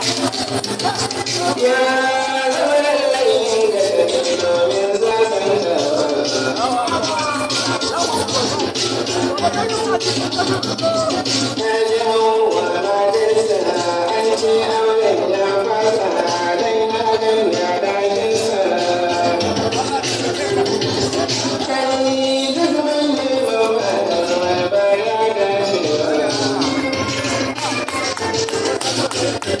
天上的云彩多变，色彩多。太阳娃娃的脸，像红苹果，红红的太阳。太阳娃娃的脸，像红苹果，红红的太阳。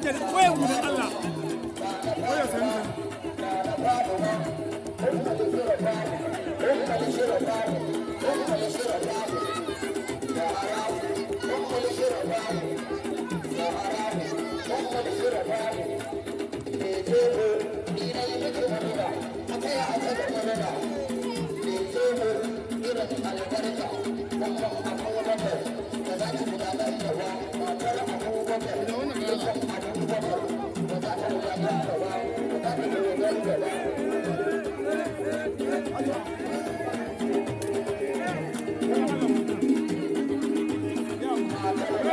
aje waya gudun Allah waya sani Thank you.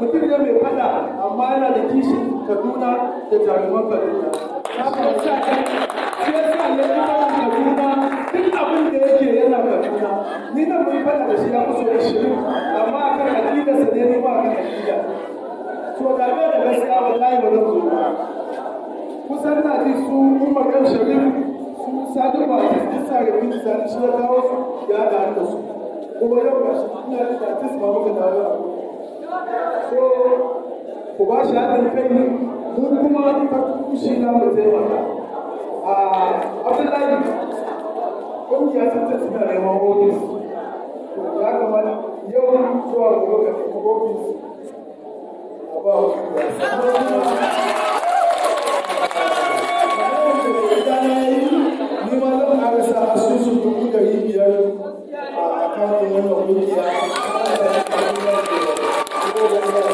mutum ne mai fada amma yana da kishi kaduna da jaruman kaduna ta fahimci ya yi kaduna duk abin da yake yana kaduna ni nan da shi ya kusa amma ne ni ba da gaskiya ba zan zo ba kusan na ji su umar kan su sadu ba a cikin sarrafin sani shi ya kawo su ya da su kuma yau ba shi ina da tatis ma muka ku ba shi haɗin kai mu kuma farko shi na mu taimaka a abdullahi ƙungiya sun ta suna neman ofis ya kamata yau zuwa gobe ka ofis a ba wa ni zan ƙara asusun dubu ɗari biyar a kan